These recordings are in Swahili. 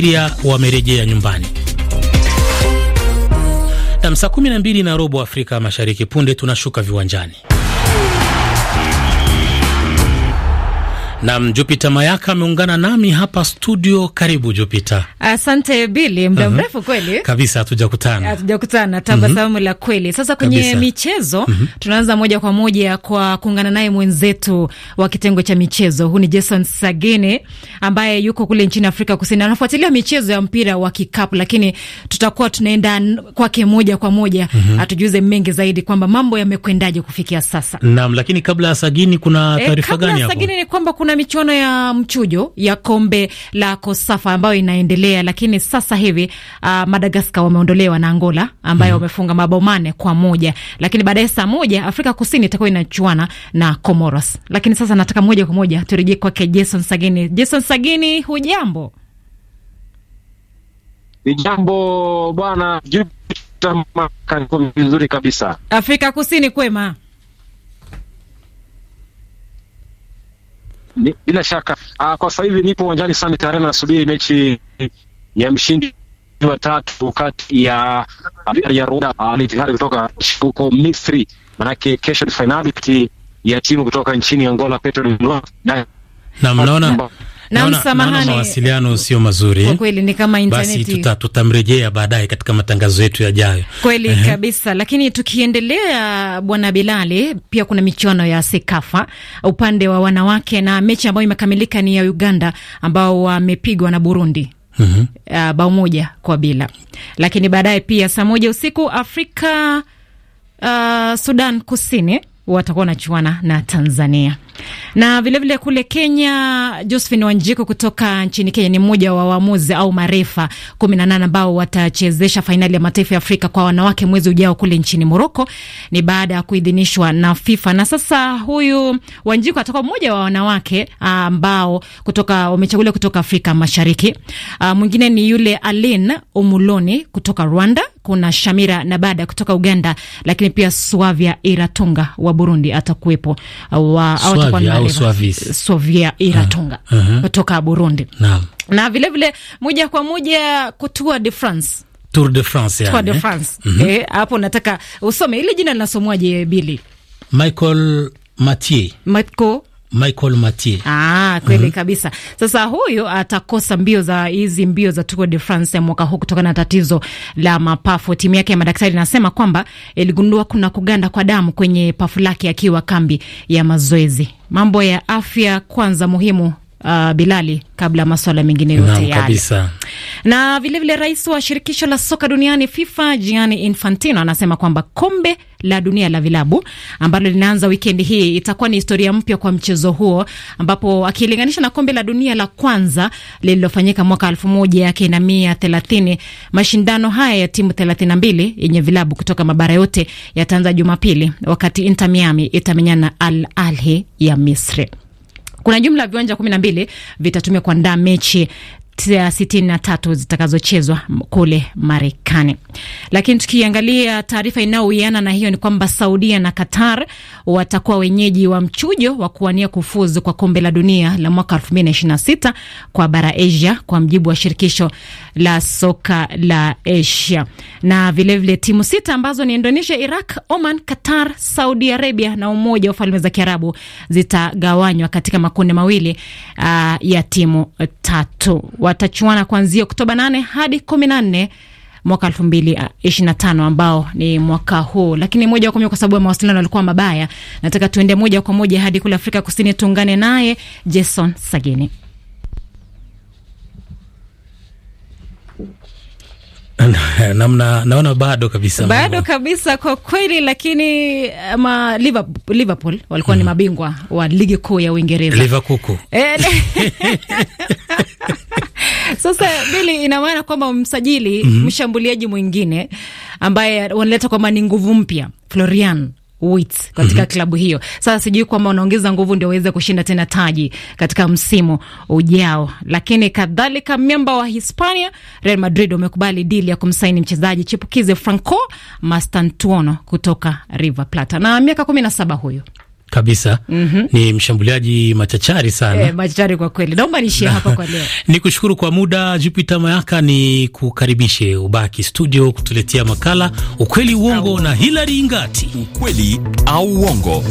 Syria wamerejea nyumbani. Saa 12 na robo Afrika Mashariki, punde tunashuka viwanjani. Nam Jupiter Mayaka ameungana nami hapa studio. Karibu Jupiter. Asante Bili, muda uh-huh. mrefu uh -huh. Kweli kabisa hatujakutana, hatujakutana. Tabasamu mm -hmm. la kweli. Sasa kwenye kabisa. michezo mm -hmm. tunaanza moja kwa moja kwa kuungana naye mwenzetu wa kitengo cha michezo. Huu ni Jason Sagene ambaye yuko kule nchini Afrika Kusini, anafuatilia michezo ya mpira wa kikapu, lakini tutakuwa tunaenda kwake moja kwa moja mm -hmm. atujuze mengi zaidi kwamba mambo yamekwendaje kufikia sasa. Nam, lakini kabla ya Sagini kuna eh, taarifa e, gani hapo? Sagini ni kwamba kuna kuna michuano ya mchujo ya kombe la Kosafa ambayo inaendelea, lakini sasa hivi uh, Madagaskar wameondolewa na Angola ambayo mm-hmm. wamefunga mm. mabao mane kwa moja, lakini baadaye saa moja Afrika Kusini itakuwa inachuana na Comoros. Lakini sasa nataka moja kwa moja turejee kwake Jason Sagini. Jason Sagini, hujambo? Ni jambo bwana, vizuri kabisa. Afrika Kusini kwema bila shaka aa, ah, kwa sasa hivi nipo uwanjani Summit Arena nasubiri mechi ya mshindi wa tatu kati ya ya Rwanda na ah, Itihadi kutoka huko Misri, manake kesho ni finali kati ya timu kutoka nchini Angola Petro na na mnaona na mawasiliano sio mazuri kwa kweli, ni kama interneti. Basi tuta, tutamrejea baadaye katika matangazo yetu yajayo, kweli kabisa. Lakini tukiendelea, bwana Bilali, pia kuna michuano ya Sekafa upande wa wanawake na mechi ambayo imekamilika ni ya Uganda ambao wamepigwa na Burundi uh, bao moja kwa bila, lakini baadaye pia saa moja usiku Afrika uh, Sudan Kusini watakuwa wanachuana na Tanzania na vilevile vile kule Kenya, Josephine Wanjiko kutoka nchini Kenya ni mmoja wa waamuzi au marefa 18 ambao watachezesha fainali ya mataifa ya Afrika kwa wanawake mwezi ujao kule nchini Moroko. Ni baada ya kuidhinishwa na FIFA, na sasa huyu Wanjiko atakuwa mmoja wa wanawake ah, ambao kutoka wamechaguliwa kutoka Afrika Mashariki. Ah, mwingine ni yule Aline Omuloni kutoka Rwanda kuna Shamira Nabada kutoka Uganda, lakini pia Swavia Iratunga wa Burundi atakuwepo wa, Swavia Iratunga uh, uh -huh. kutoka Burundi na, na vilevile moja kwa moja kutua de France Tour de France hapo de eh? France. mm -hmm. hapo nataka usome ile jina linasomwaje, Bili Michael Mathieu Michael Michael Matie. Ah, kweli mm -hmm. kabisa. Sasa huyu atakosa mbio za hizi mbio za Tour de France mwaka huu kutokana na tatizo la mapafu. Timu yake ya madaktari inasema kwamba iligundua kuna kuganda kwa damu kwenye pafu lake akiwa kambi ya mazoezi. Mambo ya afya kwanza muhimu uh, Bilali, kabla maswala mengine yote yale. Na vilevile rais wa shirikisho la soka duniani FIFA Gianni Infantino anasema kwamba kombe la dunia la vilabu ambalo linaanza wikendi hii itakuwa ni historia mpya kwa mchezo huo, ambapo akilinganisha na kombe la dunia la kwanza lililofanyika mwaka elfu moja yake na mia thelathini, mashindano haya ya timu thelathini na mbili yenye vilabu kutoka mabara yote yataanza Jumapili wakati Inter Miami itamenyana Al Ahly ya Misri. Kuna jumla ya viwanja kumi na mbili vitatumia kuandaa mechi sitini na tatu zitakazochezwa kule Marekani. Lakini tukiangalia taarifa inayowiana na hiyo ni kwamba Saudia na Qatar watakuwa wenyeji wa mchujo wa kuwania kufuzu kwa kombe la dunia la mwaka 2026 kwa bara Asia, kwa mjibu wa shirikisho la soka la Asia, na vilevile vile timu sita ambazo ni Indonesia, Iraq, Oman, Qatar, Saudi Arabia na Umoja wa Falme za Kiarabu zitagawanywa katika makundi mawili, uh, ya timu tatu watachuana kuanzia Oktoba 8 hadi 14 mwaka ah, tano ambao ni mwaka huu. Lakini moja kwa moja, kwa sababu ya mawasiliano yalikuwa mabaya, nataka tuende moja kwa moja hadi kule Afrika Kusini, tuungane naye Jason Sagini. Namna naona bado kabisa, bado kabisa kwa kweli, lakini eh, ma Liverpool, Liverpool walikuwa mm, ni mabingwa wa ligi kuu ya Uingereza. Liverpool eh, Sasa bili ina maana kwamba msajili mm -hmm. mshambuliaji mwingine ambaye wanaleta kwamba ni nguvu mpya Florian Wits katika mm -hmm. klabu hiyo. Sasa sijui kwamba unaongeza nguvu ndio waweze kushinda tena taji katika msimu ujao, lakini kadhalika miamba wa Hispania, Real Madrid wamekubali dili ya kumsaini mchezaji chipukizi Franco Mastantuono kutoka River Plata na miaka kumi na saba huyo kabisa mm -hmm. Ni mshambuliaji machachari sana e, machachari kwa kweli. Naomba niishie hapa kwa leo, ni kushukuru kwa muda. Jupiter Mayaka ni kukaribishe ubaki studio kutuletea makala ukweli uongo na Hilary Ngati, ukweli au uongo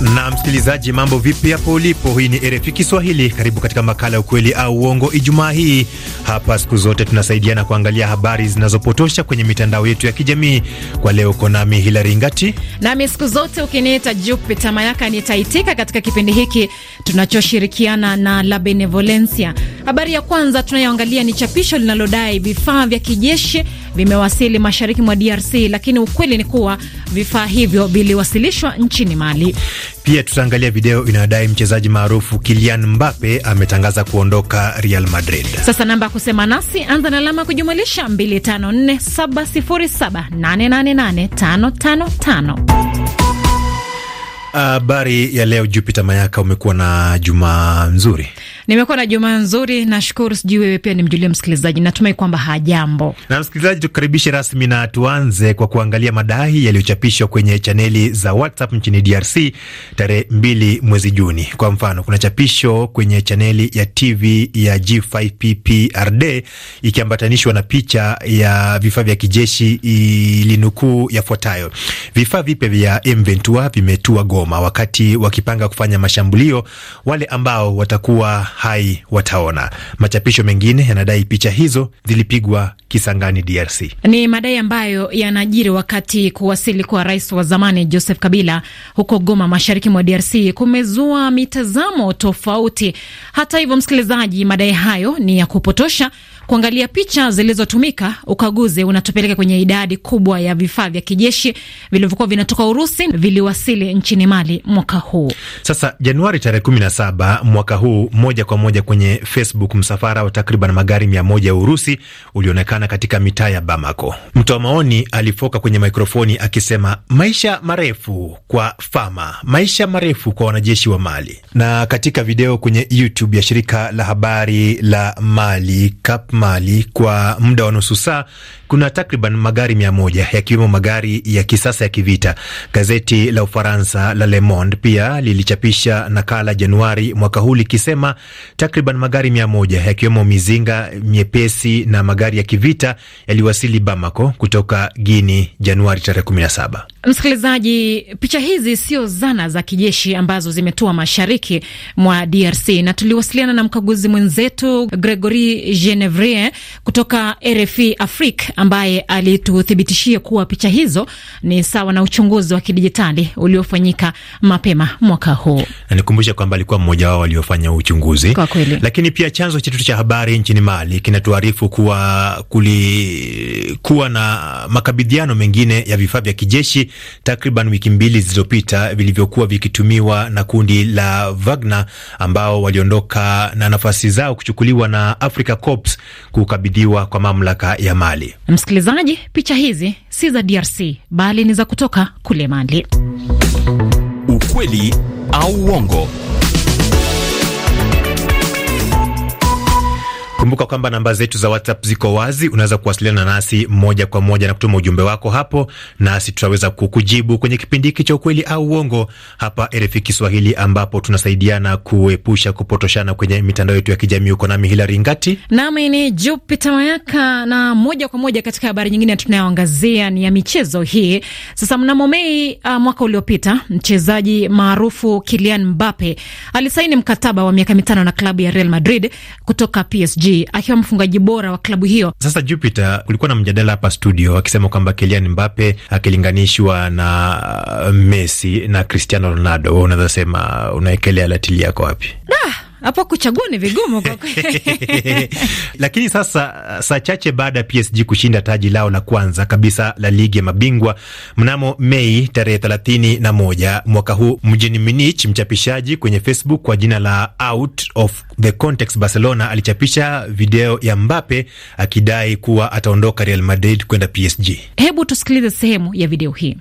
na msikilizaji, mambo vipi hapo ulipo? Hii ni RFI Kiswahili, karibu katika makala ya ukweli au uongo. Ijumaa hii hapa, siku zote tunasaidiana kuangalia habari zinazopotosha kwenye mitandao yetu ya kijamii. Kwa leo uko nami Hilari Ngati, nami siku zote ukiniita Jupita Mayaka nitaitika katika kipindi hiki tunachoshirikiana na La Benevolencia. Habari ya kwanza tunayoangalia ni chapisho linalodai vifaa vya kijeshi vimewasili mashariki mwa DRC, lakini ukweli ni kuwa vifaa hivyo viliwasilishwa nchini Mali. Pia tutaangalia video inayodai mchezaji maarufu Kylian Mbappe ametangaza kuondoka Real Madrid. Sasa namba ya kusema nasi, anza na alama kujumulisha 254707888555. Habari uh, ya leo Jupiter Mayaka, umekuwa na jumaa nzuri. Nimekuwa na jumaa nzuri, nashukuru. Sijui wewe pia nimjulie msikilizaji, natumai kwamba hajambo. Na msikilizaji, tukaribishe rasmi na tuanze kwa kuangalia madai yaliyochapishwa kwenye chaneli za WhatsApp nchini DRC tarehe 2 mwezi Juni. Kwa mfano, kuna chapisho kwenye chaneli ya TV ya G5PPRD ikiambatanishwa na picha ya vifaa vya kijeshi ilinukuu yafuatayo: vifaa vipya vya M23 vimetua Goma wakati wakipanga kufanya mashambulio, wale ambao watakuwa hai wataona. Machapisho mengine yanadai picha hizo zilipigwa Kisangani, DRC. Ni madai ambayo yanajiri wakati kuwasili kwa rais wa zamani Joseph Kabila huko Goma, mashariki mwa DRC kumezua mitazamo tofauti. Hata hivyo, msikilizaji, madai hayo ni ya kupotosha kuangalia picha zilizotumika. Ukaguzi unatupeleka kwenye idadi kubwa ya vifaa vya kijeshi vilivyokuwa vinatoka Urusi viliwasili nchini Mali mwaka huu. Sasa Januari tarehe 17 mwaka huu, moja kwa moja kwenye Facebook, msafara wa takriban magari mia moja ya Urusi ulionekana katika mitaa ya Bamako. Mtoa maoni alifoka kwenye mikrofoni akisema, maisha marefu kwa Fama, maisha marefu kwa wanajeshi wa Mali. Na katika video kwenye YouTube ya shirika la habari la Mali Mali kwa muda wa nusu saa kuna takriban magari mia moja yakiwemo magari ya kisasa ya kivita. Gazeti la Ufaransa la Le Monde pia lilichapisha nakala Januari mwaka huu likisema takriban magari mia moja yakiwemo mizinga myepesi na magari ya kivita yaliwasili Bamako kutoka Guini Januari tarehe 17. Msikilizaji, picha hizi sio zana za kijeshi ambazo zimetoa mashariki mwa DRC na tuliwasiliana na mkaguzi mwenzetu Gregory Genevrier kutoka RFI Afrique ambaye alituthibitishia kuwa picha hizo ni sawa na uchunguzi wa kidijitali uliofanyika mapema mwaka huu. Nikumbusha kwamba alikuwa mmoja wao waliofanya uchunguzi. Kwa kweli. Lakini pia chanzo chetu cha habari nchini Mali kinatuarifu kuwa kulikuwa na makabidhiano mengine ya vifaa vya kijeshi takriban wiki mbili zilizopita vilivyokuwa vikitumiwa na kundi la Wagner ambao waliondoka na nafasi zao kuchukuliwa na Africa Corps kukabidhiwa kwa mamlaka ya Mali. Msikilizaji, picha hizi si za DRC bali ni za kutoka kule Mali. Ukweli au uongo? Kumbuka kwamba namba zetu za WhatsApp ziko wazi, unaweza kuwasiliana nasi moja kwa moja na kutuma ujumbe wako hapo, nasi tutaweza kukujibu kwenye kipindi hiki cha ukweli au uongo hapa RFI Kiswahili, ambapo tunasaidiana kuepusha kupotoshana kwenye mitandao yetu ya kijamii. Uko nami Hilari Ngati, nami ni Jupita Mayaka, na moja kwa moja katika habari nyingine tunayoangazia ni ya michezo hii sasa. Mnamo Mei uh, mwaka uliopita mchezaji maarufu Kylian Mbappe alisaini mkataba wa miaka mitano na klabu ya Real Madrid kutoka PSG akiwa mfungaji bora wa klabu hiyo. Sasa Jupiter, kulikuwa na mjadala hapa studio akisema kwamba Kylian Mbappe akilinganishwa na uh, Messi na Cristiano Ronaldo, unaweza sema unaekelea latili yako wapi? nah hapo kuchagua ni vigumu kwa kweli. Lakini sasa, uh, saa chache baada ya PSG kushinda taji lao la kwanza kabisa la ligi ya mabingwa mnamo Mei tarehe 31 mwaka huu mjini Munich, mchapishaji kwenye Facebook kwa jina la Out of the Context Barcelona alichapisha video ya Mbappe akidai kuwa ataondoka Real Madrid kwenda PSG. Hebu tusikilize sehemu ya video hii.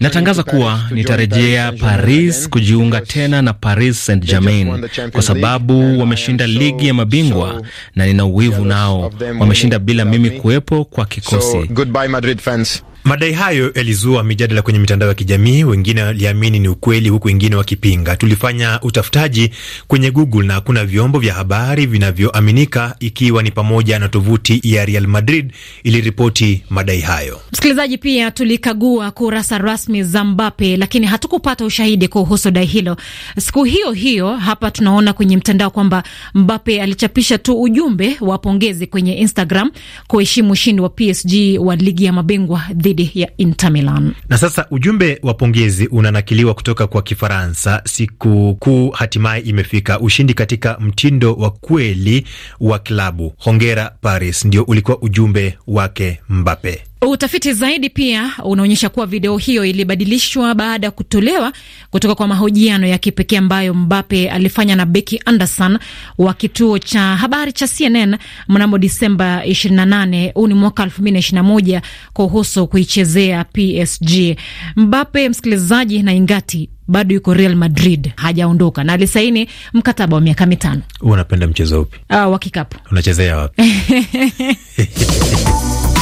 Natangaza kuwa nitarejea Paris kujiunga tena na Paris Saint-Germain Spain kwa sababu wameshinda ligi ya mabingwa na nina uwivu nao, wameshinda bila mimi kuwepo kwa kikosi. So, goodbye Madrid fans. Madai hayo yalizua mijadala kwenye mitandao ya kijamii, wengine waliamini ni ukweli, huku wengine wakipinga. Tulifanya utafutaji kwenye Google na hakuna vyombo vya habari vinavyoaminika, ikiwa ni pamoja na tovuti ya Real Madrid iliripoti madai hayo. Msikilizaji, pia tulikagua kurasa rasmi za Mbappe, lakini hatukupata ushahidi kuhusu dai hilo. Siku hiyo hiyo hapa tunaona kwenye mtandao kwamba Mbappe alichapisha tu ujumbe wa pongezi kwenye Instagram kuheshimu ushindi wa PSG wa ligi ya mabingwa dhidi ya Inter Milan. Na sasa ujumbe wa pongezi unanakiliwa kutoka kwa Kifaransa. Siku kuu hatimaye imefika, ushindi katika mtindo wa kweli wa klabu. Hongera Paris, ndio ulikuwa ujumbe wake Mbappe. Utafiti zaidi pia unaonyesha kuwa video hiyo ilibadilishwa baada ya kutolewa kutoka kwa mahojiano ya kipekee ambayo Mbape alifanya na Becky Anderson wa kituo cha habari cha CNN mnamo Disemba 28, huu ni mwaka 2021, kuhusu kuichezea PSG. Mbape, msikilizaji, na ingati bado yuko Real Madrid, hajaondoka na alisaini mkataba wa miaka mitano. Unapenda mchezo upi? Ah, wa kikapu. Unachezea wapi?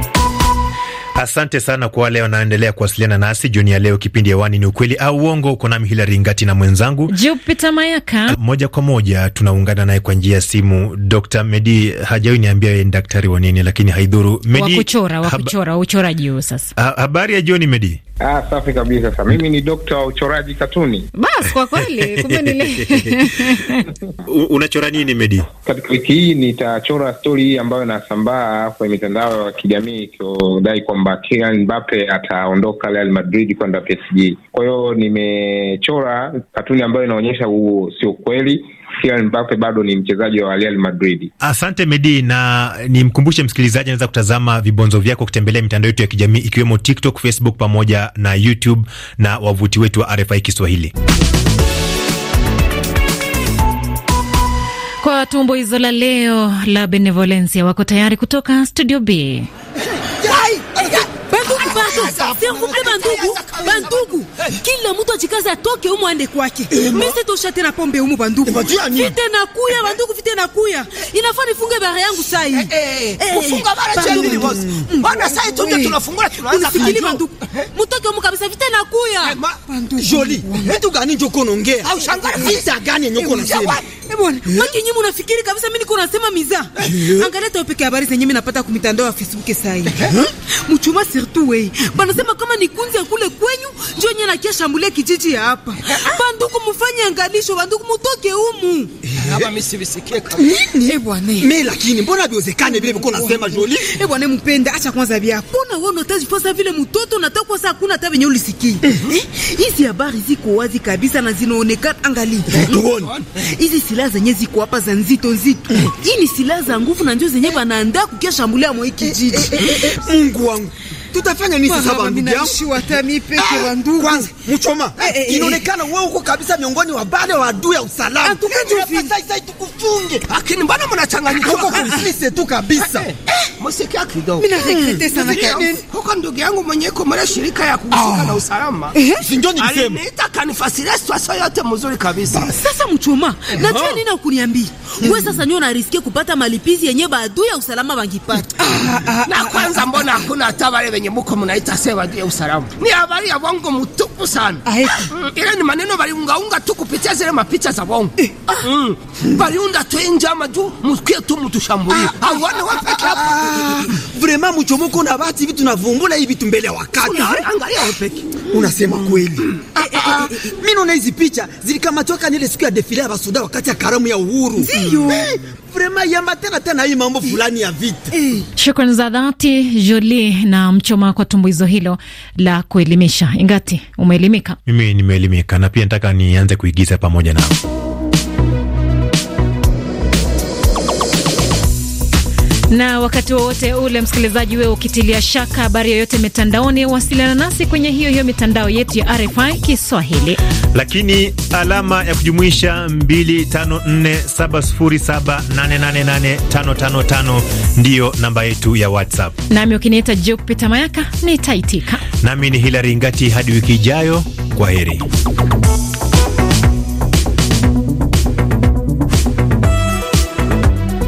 Asante sana kwa wale wanaendelea kuwasiliana nasi jioni ya leo. Kipindi hewani ni ukweli au uongo, uko nami Hilari Ngati na mwenzangu Jupita Mayaka. Moja kwa moja tunaungana naye kwa njia ya simu Dr Medi. Hajawi niambia ni daktari wa nini, lakini haidhuru. Medi, sasa. Habari ya jioni Medi. Ah, safi kabisa. Sasa mimi ni dokta wa uchoraji katuni. Bas, kwa kweli kumbe ni unachora nini Medi? Katika wiki hii nitachora stori hii ambayo inasambaa kwenye mitandao ya kijamii ikiodai kwamba Kylian Mbappe ataondoka Real Madrid kwenda PSG. Kwa hiyo nimechora katuni ambayo inaonyesha huo sio kweli Kylian Mbappe bado ni mchezaji wa Real Madrid. Asante Medi, na nimkumbushe msikilizaji anaweza kutazama vibonzo vyako kutembelea mitandao yetu ya kijamii ikiwemo TikTok, Facebook pamoja na YouTube na wavuti wetu wa RFI Kiswahili. Kwa tumbo hizo la leo la Benevolencia wako tayari kutoka Studio B. Siangupe bandugu, bandugu, kila mtu ajikaze atoke umu ande kwake. Mimi tosha tena pombe umu eh, bandugu. Vite nakuya eh, eh, bandugu, vite nakuya. Inafaa nifunge bare yangu sasa hii. Kufunga bara cha nini boss? Mm. Bwana sasa hivi tunje tunafungua tunaanza kazi. Bandugu, mtoke umu kabisa, vite nakuya. Joli, mtu gani ndio konaongea? Au ah, shangara vita gani nyoko nasema? Eh bwana, maki nyimu unafikiri kabisa mimi niko nasema miza. Angalia topeke habari zenyewe napata kumitandao ya Facebook sasa hii. Mchuma surtout wewe. Banasema kama ni kunzi ya kule kwenyu ndio nyenye nakia shambulia kijiji hapa. Eh, eh. Banduku mufanye angalisho, banduku mutoke humu. Eh. Hapa mimi sivisikie kabisa. Eh bwana. Mimi lakini mbona biwezekane vile uko unasema joli? Eh bwana mpenda, acha kwanza bia. Mbona wewe unataji fosa vile mtoto unataka kwa saa kuna hata venye ulisikia. Hizi habari ziko wazi kabisa na zinaonekana angali. Tuone. Hizi silaha zenye ziko hapa za nzito nzito. Hii ni silaha za nguvu na ndio zenye banaandaa kukia shambulia mwa kijiji. Mungu wangu tutafanya nini sasa bandugu yangu? Kwanza mchoma, eh, eh, eh, inaonekana wewe uko kabisa miongoni wa bale wa adui ya usalama. Ah, yaani, tukufunge. Lakini mbona mnachanganyika huko kusisi tu kabisa? Msikia kidogo. Mimi naregrete hmm. sana kabisa. Huko ndugu yangu mwenye iko mara shirika ya kuhusika ah. na usalama. Si ndio nilisema. Aliniita kanifasiria swaso yote mzuri kabisa. Sasa mchoma, najua nini ukuniambia. Hmm. Wewe sasa ndio unariskia kupata malipizi yenye baadhi ya usalama wangipata. Ah, na kwanza mbona hakuna hata wale wenye muko munaita sewa ya usalama ni habari ya bongo mutupu sana. Mm, ile ni maneno baliungaunga tu kupitia zile mapicha za bongo eh. mm. baliunda tu njama juu msikie tu mtushambulie ah, ah, au wana wapeke hapa ah, vrema mchomoko na bati hivi tunavumbula hivi tumbele wakati. Angalia wapeke, unasema kweli mm. Ah, mimi naona hizi picha zilikamatwaka nile siku ya defile ya basuda wakati ya karamu ya uhuru. Sio. Vrema yamba tena tena hii mambo fulani ya vita. Shukrani za dhati Jolie na mchoma kwa tumbuizo hilo la kuelimisha. Ingati, umeelimika? Mimi nimeelimika na pia nataka nianze kuigiza pamoja nao. Na wakati wowote ule, msikilizaji, wewe ukitilia shaka habari yoyote mitandaoni, wasiliana nasi kwenye hiyo hiyo mitandao yetu ya RFI Kiswahili, lakini alama ya kujumuisha 254707888555 ndiyo namba yetu ya WhatsApp. Nami ukiniita Jupita Mayaka nitaitika, nami ni Hilari Ngati. Hadi wiki ijayo, kwa heri.